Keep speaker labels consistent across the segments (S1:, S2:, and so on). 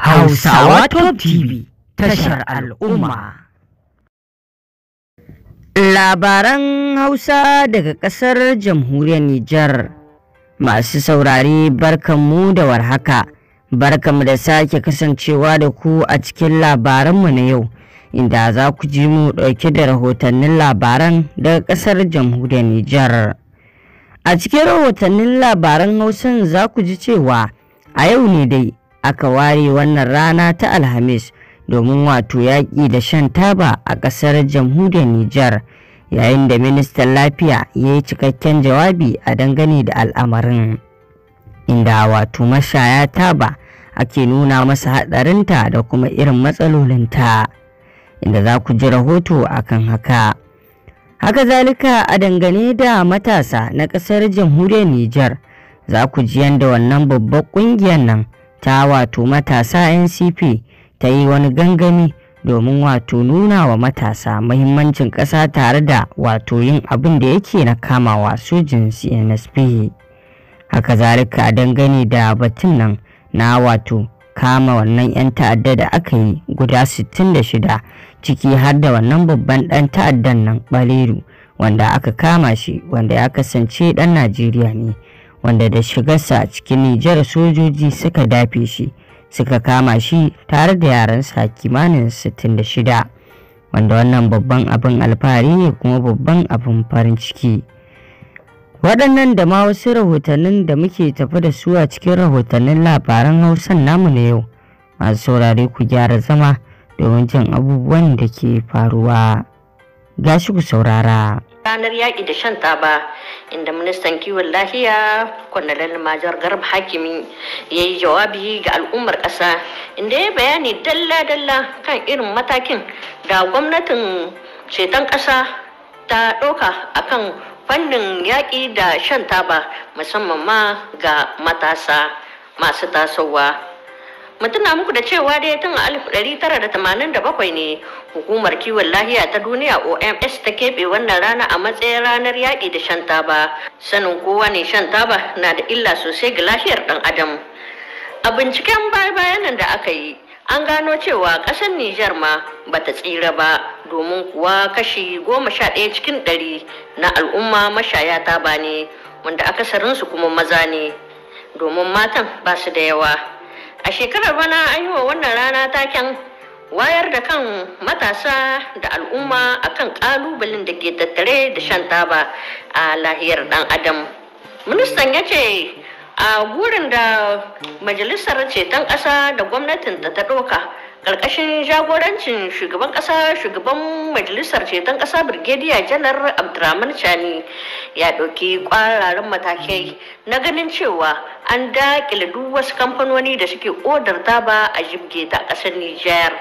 S1: Hausawa Top TV tashar al'umma. Labaran Hausa daga ƙasar jamhuriyar Nijar. Masu saurare barkanmu da warhaka, barkanmu da sake kasancewa da ku a cikin labaranmu na yau, inda za ku ji mu ɗauke da rahotannin labaran daga ƙasar jamhuriyar Nijar. A cikin rahotannin labaran Hausan za ku ji cewa a yau ne dai aka ware wannan rana ta alhamis domin wato yaƙi da shan taba a ƙasar jamhuriyar Nijar yayin da ministan lafiya ya yi cikakken jawabi a dangane da al'amarin inda wato mashaya taba ake nuna masa haɗarinta da kuma irin matsalolinta inda za ku ji rahoto a kan haka haka zalika a dangane da matasa na ƙasar jamhuriyar Nijar za ku ji yadda wannan babbar ƙungiyar nan ta wato matasa ncp ta yi wani gangami domin wato nuna wa matasa mahimmancin ƙasa tare da wato yin abin da yake na kamawa sojin cnsp haka zalika dangane da batun nan na wato kama wannan 'yan ta'adda da aka yi guda 66 ciki har da wannan babban ɗan ta'addan nan baleru wanda aka kama shi wanda ya kasance ɗan najeriya ne wanda da shigarsa cikin Nijar sojoji suka dafe shi suka kama shi tare da yaransa kimanin 66 wanda wannan babban abin alfahari ne kuma babban abin farin ciki waɗannan da ma wasu rahotannin da muke tafi da su a cikin rahotannin labaran hausan namu na yau masu saurare ku gyara zama domin jin abubuwan da ke faruwa gashi ku saurara
S2: ranar yaƙi da shan taba inda ministan kiwon lafiya kwanalal majar garba hakimi ya yi jawabi ga al'ummar ƙasa inda ya bayani dalla-dalla kan irin matakin da gwamnatin ceton ƙasa ta ɗauka a kan fannin yaƙi da shan taba musamman ma ga matasa masu tasowa mutuna muku da cewa dai tun a alif tara da bakwai ne hukumar kiwon lahiya ta duniya oms ta keɓe wannan rana a matsayin ranar yaƙi da shan taba sanin kowa ne shan taba na da illa sosai ga lafiyar ɗan adam a binciken baya-bayan da aka yi an gano cewa ƙasar Nijar ma ta tsira ba domin kuwa kashi goma sha ɗaya cikin ɗari na al'umma mashaya taba ne wanda akasarinsu kuma maza ne domin matan ba su da yawa. A shekarar bana an yi wa wannan rana taken wayar da kan matasa da al'umma a kan ƙalubalen da ke tattare da shan taba a lahiyar ɗan adam. Ministan ya ce a gurin da majalisar ceton ƙasa da gwamnatin ta ta ɗauka ƙarƙashin jagorancin shugaban ƙasa shugaban majalisar ceton ƙasa birgediya janar Abdurahman chani ya ɗauki ƙwararren matakai na ganin cewa an daƙile duk wasu kamfanoni da suke ƙodar daba a jibge ta ƙasar nijar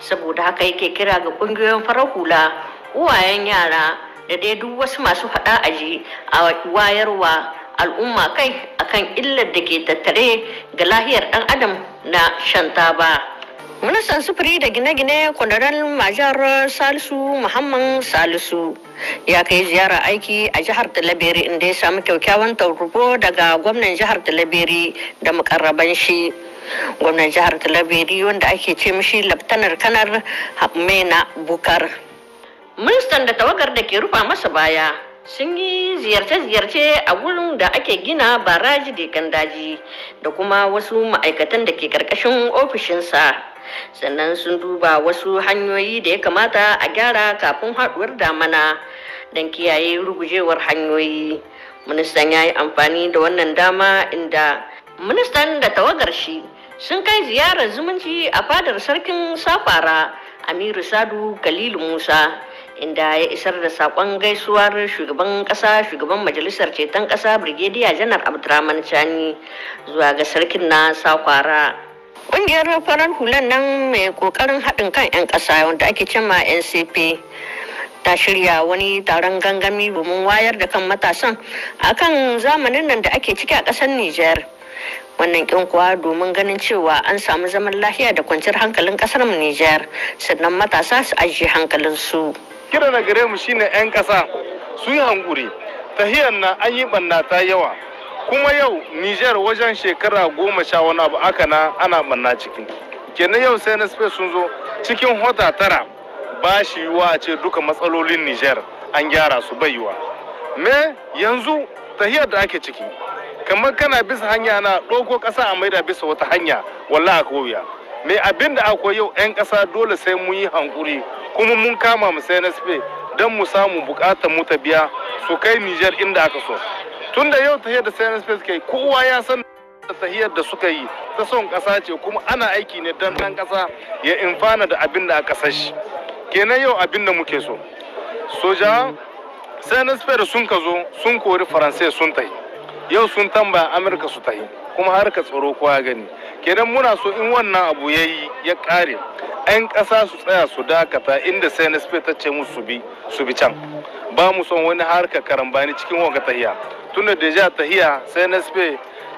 S2: saboda haka yake kira ga ƙungiyoyin farar hula uwayen yara da dai duk wasu masu faɗa aji a wayarwa al'umma kai akan illar da ke tattare ga lahiyar ɗan adam na shan taba. ministan sufuri da gine-gine kwanaran majar salisu muhammad salisu ya kai ziyara aiki a jihar talabiri inda ya samu kyaukyawan taurubo daga gwamnan jihar talabiri da mukarraban shi gwamnan jihar talabiri wanda ake ce mishi laftanar kanar mena bukar ministan da tawagar da ke rufa masa baya sun yi ziyarce-ziyarce a wurin da ake gina baraji da daji da kuma wasu ma'aikatan da ke ƙarƙashin ofishinsa sannan sun duba wasu hanyoyi da ya kamata a gyara kafin haɗuwar damana don kiyaye rugujewar hanyoyi ministan ya yi amfani da wannan dama inda ministan da tawagar shi sun kai ziyarar zumunci a fadar sarkin safara amiru sadu kalilu musa inda ya isar da saƙon gaisuwar shugaban ƙasa shugaban majalisar ceton ƙasa brigadier janar abdurrahman chani zuwa ga sarkin na sakwara Ƙungiyar farar hulan nan mai ƙoƙarin haɗin kan 'yan ƙasa wanda ake cema NCP ta shirya wani taron gangami domin wayar da kan matasan akan zamanin nan da ake ciki a ƙasar Nijar. Wannan ƙin kuwa domin ganin cewa an samu zaman lafiya da kwanciyar hankalin ƙasar mu Nijar sannan matasa su ajiye hankalin su. Kira na gare mu shine 'yan ƙasa su yi hankuri tahiyar na an yi ɓanna ta
S3: yawa kuma yau niger wajen shekara goma sha wani abu aka na ana manna ciki kenan yau sai na space sun zo cikin hota tara ba shi yiwuwa a ce duka matsalolin niger an gyara su bai yiwuwa me yanzu tahiyar da ake ciki kamar kana bisa hanya na ɗauko ƙasa a maida bisa wata hanya wallah a koya me abin da akwai yau 'yan ƙasa dole sai mun yi hankuri kuma mun kama mu sai na don mu samu bukatar mu ta biya su kai niger inda aka so. tun da yau tahiyar da sayan space kai kowa ya san tahiyar da suka yi ta son kasa ce kuma ana aiki ne don dan kasa ya infana da abin da a kasar shi kenan yau abin da muke so soja sayan space sun ka zo sun kori faransai sun tahi yau sun tambaya amurka su tahi kuma har ka tsaro kowa gani kenan muna so in wannan abu ya yi ya kare 'yan ƙasa su tsaya su dakata inda sai na ta ce musu su bi can ba mu son wani harka karambani cikin wanga tahiya tunda da ja tahiya sai na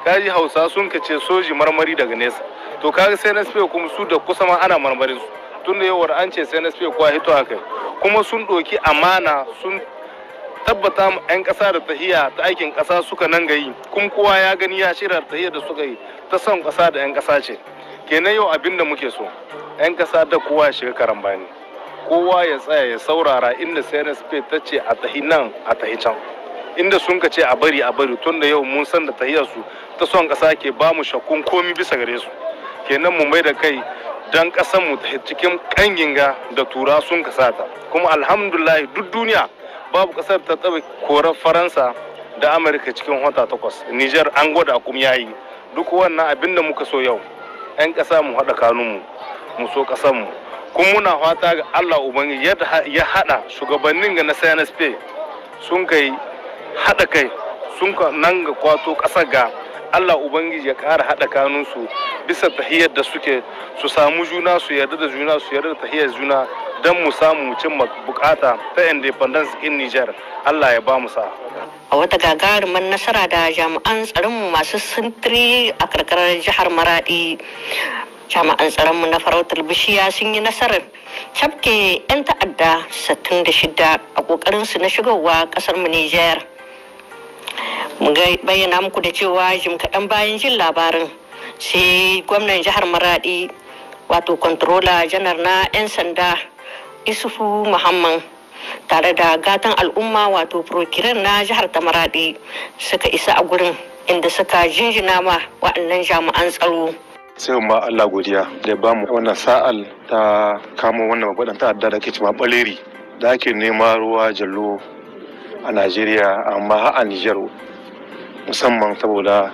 S3: kaji hausa sun kace soji marmari daga nesa to kaga sai na kuma su da kusa ma ana marmarin su tunda yawar an ce sai na kuwa hito haka kuma sun ɗoki amana sun tabbata mu 'yan ƙasa da tahiya ta aikin ƙasa suka nan gayi kuma kowa ya gani ya shirya tahiya da suka yi ta son ƙasa da 'yan ƙasa ce kenan yau abin da muke so 'yan ƙasa da kowa ya shiga karambani kowa ya tsaya ya saurara inda sai na ta ce a tahi nan a tahi can inda sun ka ce a bari a bari tun da yau mun san da tahiyar su ta son kasa ke ba mu shakkun komi bisa gare su kenan mu mai da kai dan kasan mu cikin kanginga da tura sun ta kuma alhamdulillah duk duniya babu kasar ta taba korar faransa da amurka cikin wata takwas niger an gwada kuma yayi duk wannan abin da muka so yau 'yan kasa mu hada kanun mu so mu kuma muna fata ga allah ubangiji ya haɗa shugabannin ga na cnsp sun kai haɗa kai sun nan ga kwato ƙasa ga Allah Ubangiji ya ƙara haɗa kanunsu bisa tahiyar da suke su samu juna su yarda da juna su yarda da tahiyar juna don mu samu mu bukata ta independence in Niger Allah ya ba mu sa.
S2: A wata gagarumar nasara da jami'an tsaronmu masu sintiri a karkarar jihar maraɗi jami'an tsaronmu na farautar bishiya sun yi nasarar cafke 'yan ta'adda 66 a su na shigowa kasar niger. Nijar. mun bayyana muku da cewa jim kaɗan bayan jin labarin sai gwamnan jihar maradi wato controller janar na 'yan sanda isufu muhammad tare da gatan al'umma wato prokiran na jihar ta maradi suka isa a gurin inda suka jinjina ma wa'annan jami'an tsaro sai ma Allah godiya
S4: da ba mu wannan sa'al ta kamo wannan babban ta'adda da ke cewa baleri da ake nema ruwa jallo a Najeriya amma a Nijar musamman saboda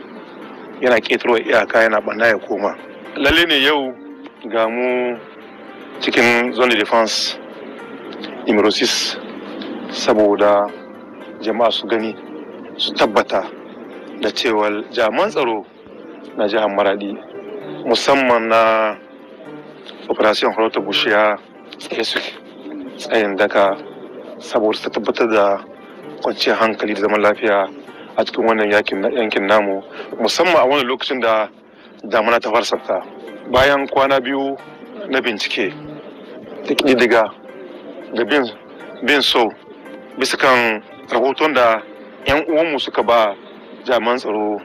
S4: yana ƙetarwa iyaka yana ɓanna ya koma lalle ne yau ga mu cikin zone de defense numero 6 saboda jama'a su gani su tabbata da cewa jaman tsaro na jihar maradi musamman na operation horota bushiya tsaye su tsayin daka saboda su tabbatar da kwanciyar hankali da zaman lafiya a cikin wannan yankin namu musamman a wani lokacin da damuna ta farsanta bayan kwana biyu na bincike da ƙididdiga da bin so bisa kan rahoton da 'yan uwanmu suka ba jami'an tsaro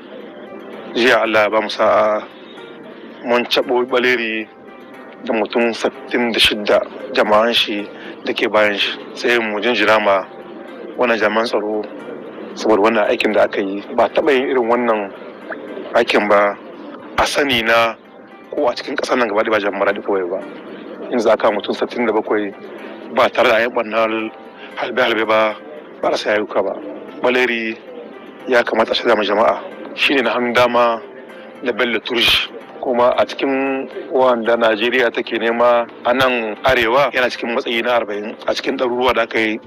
S4: jiya allah ba mu sa'a mun caɓo baleri da mutum 66 jama'an shi da ke bayan shi sai mu jinjira ma wannan jami'an tsaro saboda wannan aikin da aka yi ba taɓa yin irin wannan aikin ba a sani na ko a cikin ƙasar nan gaba da ba jami'ar da kawai ba in za ka mutum bakwai. ba tare da ayyukan na halbe-halbe ba ba rasa yayuka ba baleri ya kamata shi zama jama'a shine na hannun dama da bello turji kuma a cikin wanda najeriya take nema a nan arewa yana cikin matsayi na arba'in a cikin ɗaruruwa da aka yi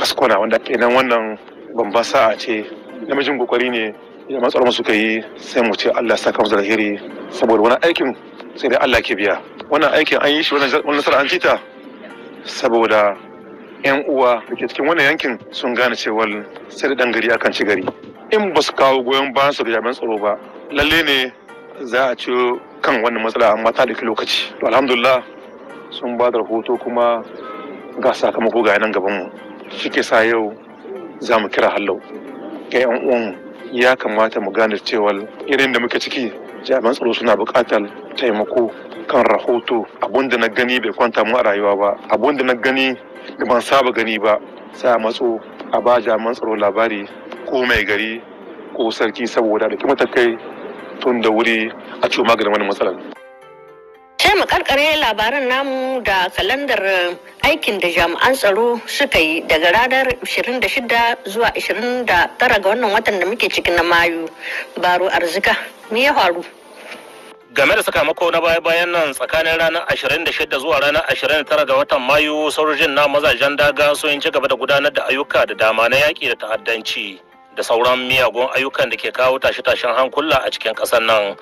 S4: raskona wanda kenan wannan babba sa'a ce namijin kokari ne idan matsar mu kai sai mu ce Allah saka musu alheri saboda wani aikin sai dai Allah ke biya wannan aikin an yi shi wannan nasara an cita saboda yan uwa da ke cikin wannan yankin sun gane cewa sai da dangari akan ci gari in ba su kawo goyon bayan su ga jami'an tsaro ba lalle ne za a ci kan wannan matsala amma ta dauki lokaci to alhamdulillah sun ba da rahoto kuma ga sakamako ga nan gaban mu shi ke sa yau za mu kira hallau ga yan uwan ya kamata mu gane cewa irin da muke ciki jami'an tsaro suna buƙatar taimako kan rahoto abun da na gani bai kwanta mu a rayuwa ba abun da na gani da ban saba gani ba sai a matso a ba jami'an tsaro labari ko mai gari ko sarki saboda da kai tun da wuri a ciwo maganin wani matsalar
S2: sai mu karkare labaran namu da kalandar aikin da jami'an tsaro suka yi daga ranar 26 zuwa 29 ga wannan watan da muke ciki na mayu baro arzika me ya faru
S5: game da sakamako na baya-bayan nan tsakanin ranar 26 zuwa ranar 29 ga watan mayu sojojin na mazajen daga sun ci gaba da gudanar da ayyuka da dama na yaƙi da ta'addanci da sauran miyagun ayyukan da ke kawo tashe-tashen hankula a cikin ƙasar nan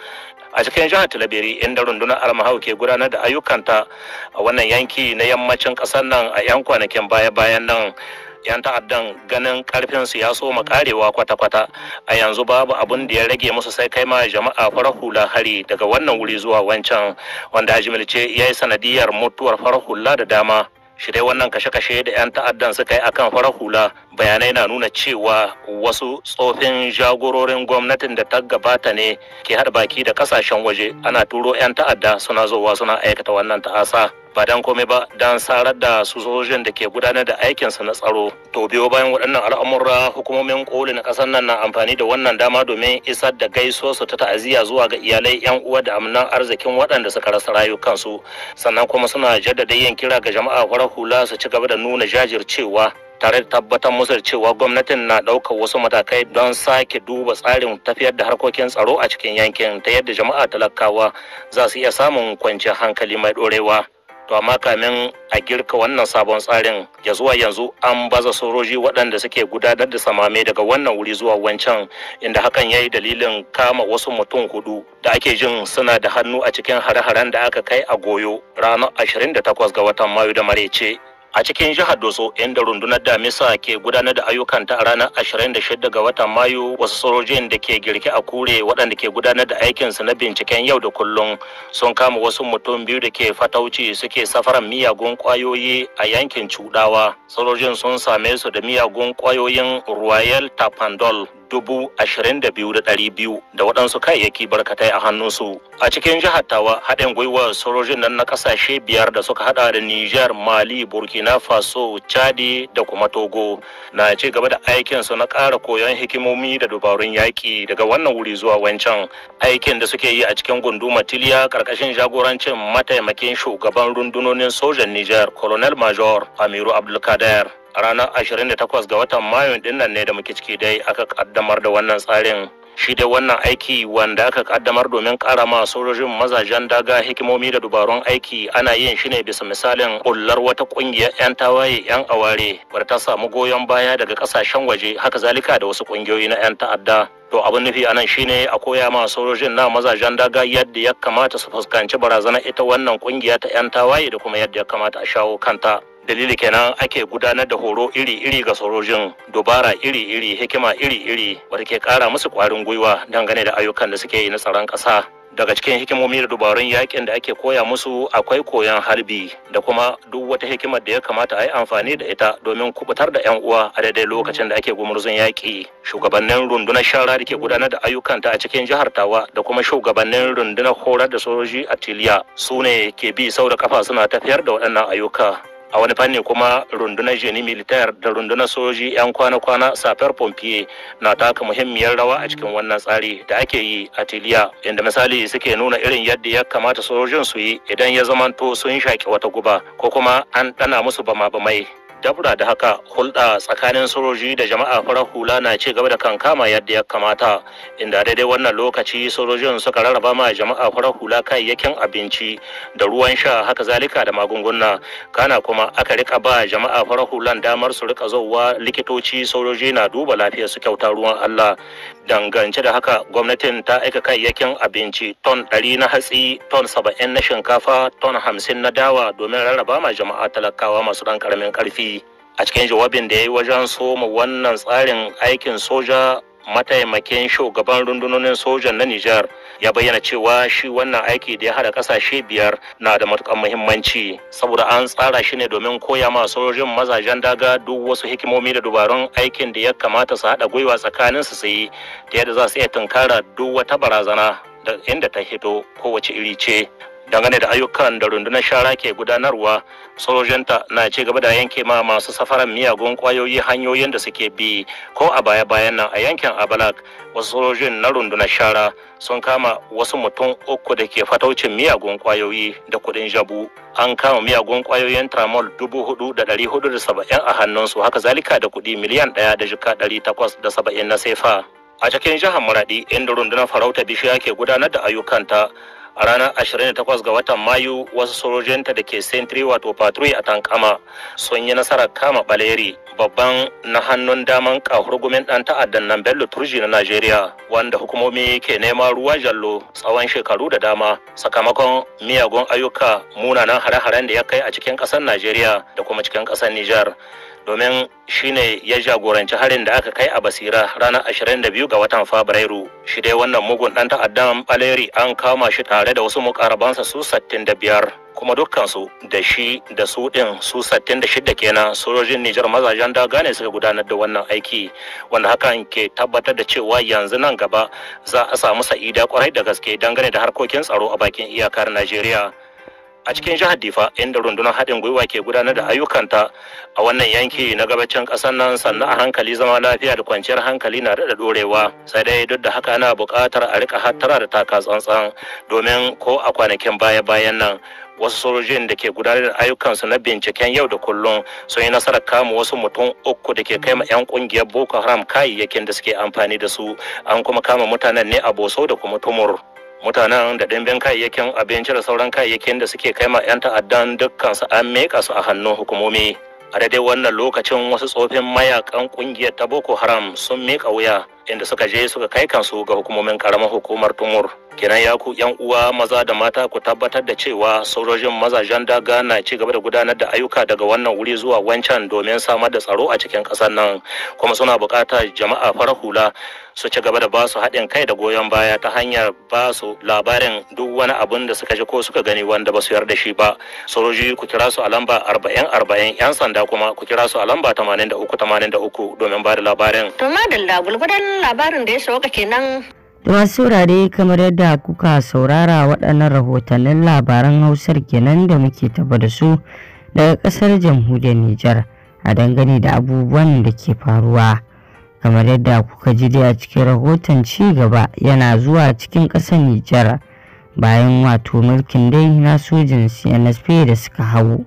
S5: a cikin jihar talabiri inda rundunar almahau ke gudanar da ayyukanta a wannan yanki na yammacin ƙasar nan a 'yan kwanakin baya-bayan nan 'yan ta'addan ganin karfin su ya soma karewa kwata-kwata a yanzu babu abun da ya rage musu sai kai ma jama'a farar hula hari daga wannan wuri zuwa wancan wanda ce ya yi sanadiyar mutuwar farar hula da dama shi dai wannan kashe-kashe da 'yan ta'addan suka yi akan farar hula bayanai na nuna cewa wasu tsofin jagororin gwamnatin da ta gabata ne ke haɗa baki da kasashen waje ana turo 'yan ta'adda suna zowa suna aikata wannan ta'asa ba dan komai ba dan sarar da su sojojin da ke gudanar da su na tsaro to biyo bayan waɗannan al'amura hukumomin koli na ƙasar nan na amfani da wannan dama domin isar da su ta ta'aziyya zuwa ga iyalai 'yan uwa da amnan arzikin waɗanda suka rasa rayukansu sannan kuma suna jaddada yin kira ga jama'a farar hula su ci gaba da nuna jajircewa tare da tabbatar musu da cewa gwamnatin na ɗaukar wasu matakai don sake duba tsarin tafiyar da harkokin tsaro a cikin yankin ta yadda jama'a talakawa za su iya samun kwanciyar hankali mai ɗorewa. To amma kamin a girka wannan sabon tsarin ya zuwa yanzu an baza sojoji waɗanda suke gudanar da samame daga wannan wuri zuwa wancan inda hakan ya yi dalilin kama wasu mutum hudu da ake jin suna da hannu a cikin hare-haren da aka kai a goyo ranar 28 ga watan mayu da marece a cikin jihar Doso inda rundunar Damisa ke gudanar da ayyukanta a ranar ashirin da 26 ga watan Mayu wasu sojojin da ke girki a kure waɗanda ke gudanar da aikinsu na binciken yau da kullum sun kama wasu mutum biyu da ke fatauci suke safaran miyagun kwayoyi a yankin Cudawa. Sojojin sun same su da miyagun kwayoyin Royal Tapandol dubu ashirin da biyu da ɗari biyu da waɗansu kayayyaki barkatai a hannunsu a cikin jihar tawa haɗin gwiwar sojojin nan na ƙasashe biyar da suka haɗa da nijar mali burkina faso chadi da kuma togo na ci gaba da aikin su na ƙara koyon hikimomi da dubarun yaƙi daga wannan wuri zuwa wancan aikin da suke yi a cikin gunduma tiliya ƙarƙashin jagorancin mataimakin shugaban rundunonin sojan nijar colonel major amiru abdulkader ranar ashirin da 28 ga watan mayu ɗinnan ne da muke ciki dai aka kaddamar da wannan tsarin shi dai wannan aiki wanda aka kaddamar domin kara ma sojojin mazajen daga hikimomi da dubarun aiki ana yin shi ne bisa misalin bullar wata ƙungiyar 'yan tawaye 'yan aware wadda ta samu goyon baya daga ƙasashen waje haka zalika da wasu ƙungiyoyi na 'yan ta'adda to abin nufi anan shi ne a koya ma sojojin na mazajen daga yadda ya kamata su fuskanci barazanar ita wannan kungiya ta 'yan tawaye da kuma yadda ya kamata a shawo kanta dalili kenan ake gudanar da horo iri-iri ga sojojin dubara iri-iri hikima iri-iri wadda ke kara musu kwarin gwiwa dangane da ayyukan da suke yi na tsaron ƙasa daga cikin hikimomi da dubarun yakin da ake koya musu akwai koyon harbi da kuma duk wata hikimar da ya kamata a yi amfani da ita domin kubutar da 'yan uwa a daidai lokacin da ake gumurzun yaƙi shugabannin rundunar shara da ke gudanar da ayyukanta a cikin jihar tawa da kuma shugabannin rundunar horar da sojoji a tiliya su ne ke bi sau da kafa suna tafiyar da waɗannan ayyuka a wani fanni kuma rundunar jeni militar da rundunar soji 'yan kwana-kwana safar pompier na taka muhimmiyar rawa a cikin wannan tsari da ake yi a tiliya inda misali suke nuna irin yadda ya kamata sojojin su yi idan ya zamanto sun shaki wata guba ko kuma an ɗana musu bama-bamai dabura da haka hulɗa tsakanin sojoji da jama'a farar hula na ci gaba da kankama yadda ya kamata inda daidai wannan lokaci sojojin suka rarraba ma jama'a farar hula kayayyakin abinci da ruwan sha haka zalika da magunguna kana kuma aka rika ba jama'a farar hulan damar su rika zowa likitoci sojoji na duba lafiyar su kyauta ruwan Allah dangance da haka gwamnatin ta aika kayayyakin abinci ton 100 na hatsi ton saba'in na shinkafa ton hamsin na dawa domin rarraba ma jama'a talakawa masu ɗan ƙaramin ƙarfi a cikin jawabin da ya yi wajen soma wannan tsarin aikin soja mataimakin shugaban rundunonin sojan na Nijar ya bayyana cewa shi wannan aiki da ya hada ƙasashe biyar na da matukar muhimmanci saboda an tsara shi ne domin koya ma sojojin mazajen daga duk wasu hikimomi da dubarun aikin da ya kamata su haɗa gwiwa tsakanin su sayi da yadda za su iya tunkara duk wata barazana da inda ta hito kowace iri ce dangane da ayyukan da rundunar shara ke gudanarwa sojanta na ci gaba da yanke ma masu safaran miyagun kwayoyi hanyoyin da suke bi ko a baya-bayan nan a yankin abalak wasu sojojin na rundunar shara sun kama wasu mutum uku da ke fataucin miyagun kwayoyi da kudin jabu an kama miyagun kwayoyin tramol dubu hudu da dari hudu da saba'in a hannunsu haka zalika da kudi miliyan daya da jika dari takwas da saba'in na sefa a cikin jihar maradi inda rundunar farauta bishiya ke gudanar da ayyukanta a ranar 28 ga watan mayu wasu sojojinta da ke sentry wato patrui a tankama sun yi nasarar kama baleri babban na hannun daman kahurgumin dan ta'addan nan bello turji na najeriya wanda hukumomi ke nema ruwa jallo tsawon shekaru da dama sakamakon miyagun ayyuka munanan hare-haren da ya kai a cikin ƙasar najeriya da kuma cikin ƙasar nijar domin shine ya jagoranci harin da aka kai a basira ranar 22 ga watan fabrairu shi dai wannan mugun dan ta'addan baleri an kama shi tare tare da wasu mukarabansa su 65 kuma dukkansu da shi da su ɗin su 66 kenan sojojin Nijar mazajen daga ne suka gudanar da wannan aiki wanda hakan ke tabbatar da cewa yanzu nan gaba za a samu sa'ida kwarai da gaske dangane da harkokin tsaro a bakin iyakar Najeriya. a cikin jihar difa inda rundunar haɗin gwiwa ke gudanar da ayyukanta a wannan yanki na gabacin ƙasar nan sannan a hankali zama lafiya da kwanciyar hankali na daɗa ɗorewa sai dai duk da haka ana buƙatar a rika hattara da taka tsantsan domin ko a kwanakin baya-bayan nan wasu sojojin da ke gudanar da ayyukansu na binciken yau da kullum sun yi nasarar kama wasu mutum uku da ke kai ma 'yan kungiyar boko haram kayayyakin da suke amfani da su an kuma kama mutanen ne a boso da kuma tumur mutanen da ɗimbin kayayyakin abinci da sauran kayayyakin da suke kai ma 'yan ta'addan dukkan su an meka su a hannun hukumomi a daidai wannan lokacin wasu tsofin mayakan ƙungiyar ta boko haram sun meka wuya inda suka je suka kai kansu ga hukumomin karamar hukumar tumur kenan ya ku yan uwa maza da mata ku tabbatar da cewa sojojin mazajen daga na ci gaba da gudanar da ayyuka daga wannan wuri zuwa wancan domin samar da tsaro a cikin ƙasar nan kuma suna buƙatar jama'a fara hula su ci gaba da ba su haɗin kai da goyon baya ta hanyar ba su labarin duk wani abin da suka ji ko suka gani wanda ba su yarda shi ba sojoji ku kira su a lamba arba'in arba'in yan sanda kuma ku kira su a lamba tamanin da uku tamanin da uku domin ba da labarin.
S2: to madalla gulgudan labarin da ya sauka kenan.
S1: Masu saurare kamar yadda kuka saurara waɗannan rahotannin labaran Hausar kenan da muke taba da su daga ƙasar jamhuriyar Nijar a dangane da abubuwan da ke faruwa. Kamar yadda kuka ji dai a cikin rahoton ci gaba yana zuwa cikin ƙasar Nijar bayan wato mulkin dai na sojin CNSP da suka hau.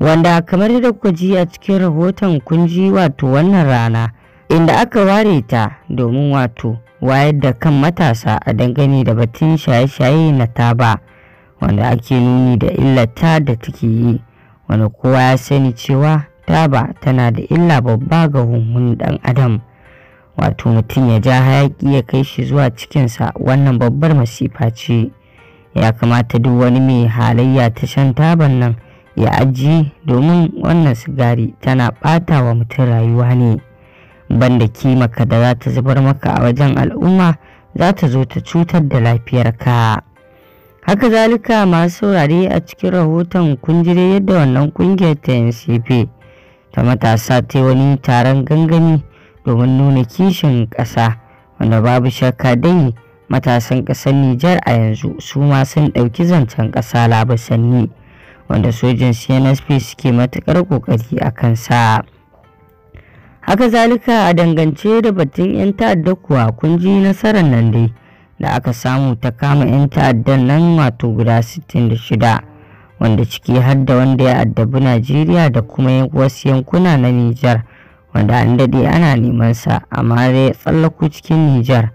S1: Wanda kamar yadda kuka ji a cikin rahoton kun ji wato wannan rana. inda aka ware ta domin wato wayar da kan matasa a dangane da batun shaye-shaye na taba wanda ake nuni da illata da take yi wanda kowa ya sani cewa taba tana da illa babba ga hunhun dan adam wato mutum ya ja hayaki ya kai shi zuwa cikinsa wannan babbar masifa ce ya kamata duk wani mai halayya ta shan taban nan ya ajiye domin wannan sigari tana ɓata wa mutum rayuwa ne. banda kimaka da za ta zubar maka a wajen al'umma za ta zo ta cutar da lafiyarka haka zalika masu saurare a cikin rahoton kunjire yadda wannan kungiyar ta ncp ta matasa ta wani taron gangami domin nuna kishin ƙasa wanda babu shakka dai matasan ƙasar Nijar a yanzu su ma sun ɗauki zancen ƙasa labasanni wanda sojin CNSP suke matuƙar ƙoƙari a kansa. haka zalika a dangance da batun 'yan ta'adda kuwa kun ji nasarar nan dai da aka samu ta kama 'yan ta'addan nan wato guda 66 wanda ciki har da wanda ya addabi najeriya da kuma wasu yankuna na nijar wanda an daɗe ana neman sa amma dai tsallako cikin nijar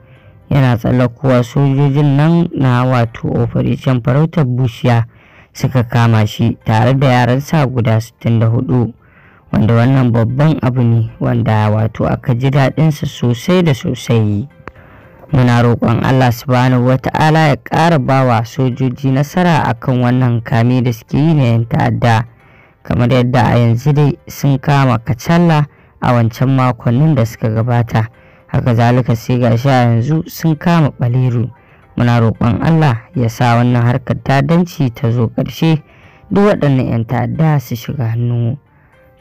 S1: yana tsallakowa sojojin nan na wato operation farautar bushiya suka kama shi tare da yaran sa guda 64 wanda wannan babban abu ne wanda wato aka ji daɗinsa sosai da sosai muna roƙon allah subhanahu wata'ala ya ƙara bawa sojoji nasara akan wannan kame da suke yi na yan ta'adda kamar yadda a yanzu dai sun kama kacalla a wancan makonnin da suka gabata haka zalika sai ga sha yanzu sun kama ɓaliru muna roƙon allah ya sa wannan harkar tadanci ta zo ƙarshe duk waɗannan 'yan ta'adda su shiga hannu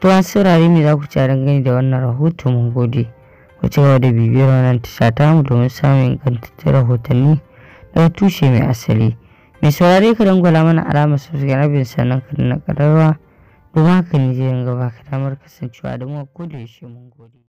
S1: To an mai me za ku ci a dangane da wannan rahoto mun gode. Ku ci gaba da bibiyar wannan tasha tamu domin samun ingantattun rahotanni da tushe mai asali. Mai saurare ka dangwala mana alamar subscribe sannan ka na ƙararrawa domin haka ne zai gaba baka damar kasancewa da mu a koda mun gode.